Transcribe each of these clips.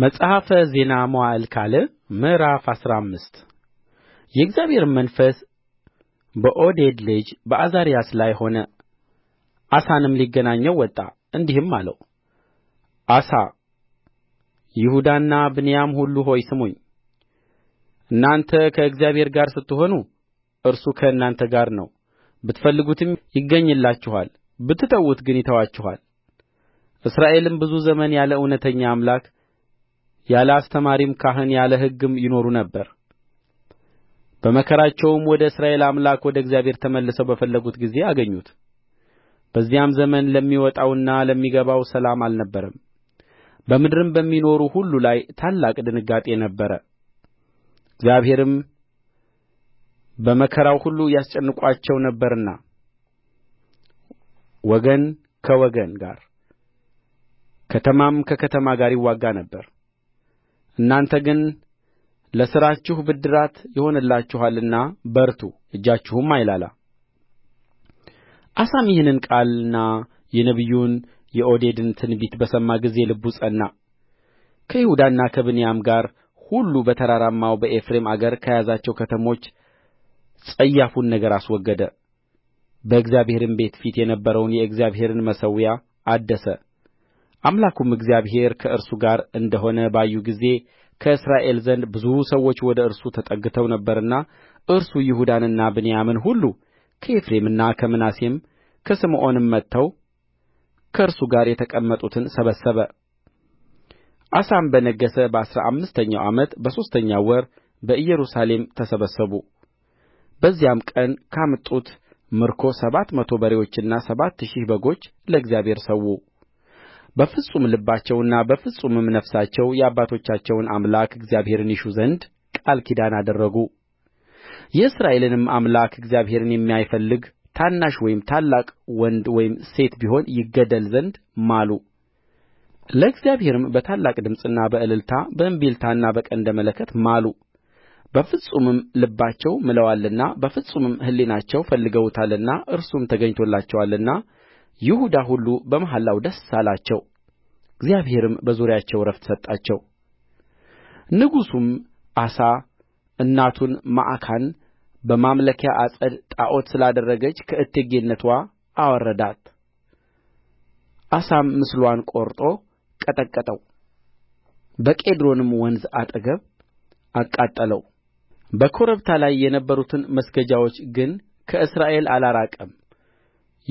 መጽሐፈ ዜና መዋዕል ካልዕ ምዕራፍ አስራ አምስት የእግዚአብሔርም መንፈስ በዖዴድ ልጅ በዓዛርያስ ላይ ሆነ። አሳንም ሊገናኘው ወጣ፣ እንዲህም አለው አሳ ይሁዳና ብንያም ሁሉ ሆይ ስሙኝ፣ እናንተ ከእግዚአብሔር ጋር ስትሆኑ እርሱ ከእናንተ ጋር ነው፣ ብትፈልጉትም ይገኝላችኋል፣ ብትተዉት ግን ይተዋችኋል። እስራኤልም ብዙ ዘመን ያለ እውነተኛ አምላክ ያለ አስተማሪም ካህን ያለ ሕግም ይኖሩ ነበር በመከራቸውም ወደ እስራኤል አምላክ ወደ እግዚአብሔር ተመልሰው በፈለጉት ጊዜ አገኙት በዚያም ዘመን ለሚወጣውና ለሚገባው ሰላም አልነበረም በምድርም በሚኖሩ ሁሉ ላይ ታላቅ ድንጋጤ ነበረ እግዚአብሔርም በመከራው ሁሉ ያስጨንቋቸው ነበርና ወገን ከወገን ጋር ከተማም ከከተማ ጋር ይዋጋ ነበር እናንተ ግን ለሥራችሁ ብድራት ይሆንላችኋልና በርቱ እጃችሁም አይላላ አሳም ይህን ቃልና የነቢዩን የዖዴድን ትንቢት በሰማ ጊዜ ልቡ ጸና ከይሁዳና ከብንያም ጋር ሁሉ በተራራማው በኤፍሬም አገር ከያዛቸው ከተሞች ጸያፉን ነገር አስወገደ በእግዚአብሔርም ቤት ፊት የነበረውን የእግዚአብሔርን መሠዊያ አደሰ አምላኩም እግዚአብሔር ከእርሱ ጋር እንደ ሆነ ባዩ ጊዜ ከእስራኤል ዘንድ ብዙ ሰዎች ወደ እርሱ ተጠግተው ነበርና እርሱ ይሁዳንና ብንያምን ሁሉ ከኤፍሬምና ከምናሴም ከስምዖንም መጥተው ከእርሱ ጋር የተቀመጡትን ሰበሰበ። አሳም በነገሠ በአሥራ አምስተኛው ዓመት በሦስተኛው ወር በኢየሩሳሌም ተሰበሰቡ። በዚያም ቀን ካመጡት ምርኮ ሰባት መቶ በሬዎችና ሰባት ሺህ በጎች ለእግዚአብሔር ሠዉ። በፍጹም ልባቸውና በፍጹምም ነፍሳቸው የአባቶቻቸውን አምላክ እግዚአብሔርን ይሹ ዘንድ ቃል ኪዳን አደረጉ የእስራኤልንም አምላክ እግዚአብሔርን የማይፈልግ ታናሽ ወይም ታላቅ ወንድ ወይም ሴት ቢሆን ይገደል ዘንድ ማሉ ለእግዚአብሔርም በታላቅ ድምፅና በእልልታ በእምቢልታና በቀንደ መለከት ማሉ በፍጹምም ልባቸው ምለዋልና በፍጹምም ሕሊናቸው ፈልገውታልና እርሱም ተገኝቶላቸዋልና ይሁዳ ሁሉ በመሐላው ደስ አላቸው እግዚአብሔርም በዙሪያቸው ዕረፍት ሰጣቸው ንጉሡም አሳ እናቱን መዓካን በማምለኪያ ዐፀድ ጣዖት ስላደረገች ከእቴጌነትዋ አዋረዳት አሳም ምስልዋን ቈርጦ ቀጠቀጠው በቄድሮንም ወንዝ አጠገብ አቃጠለው በኮረብታ ላይ የነበሩትን መስገጃዎች ግን ከእስራኤል አላራቀም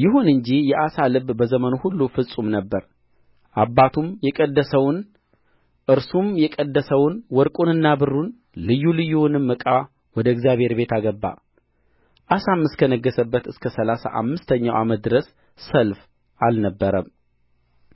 ይሁን እንጂ የአሳ ልብ በዘመኑ ሁሉ ፍጹም ነበረ አባቱም የቀደሰውን እርሱም የቀደሰውን ወርቁንና ብሩን ልዩ ልዩውንም ዕቃ ወደ እግዚአብሔር ቤት አገባ አሳም እስከ ነገሠበት እስከ ሠላሳ አምስተኛው ዓመት ድረስ ሰልፍ አልነበረም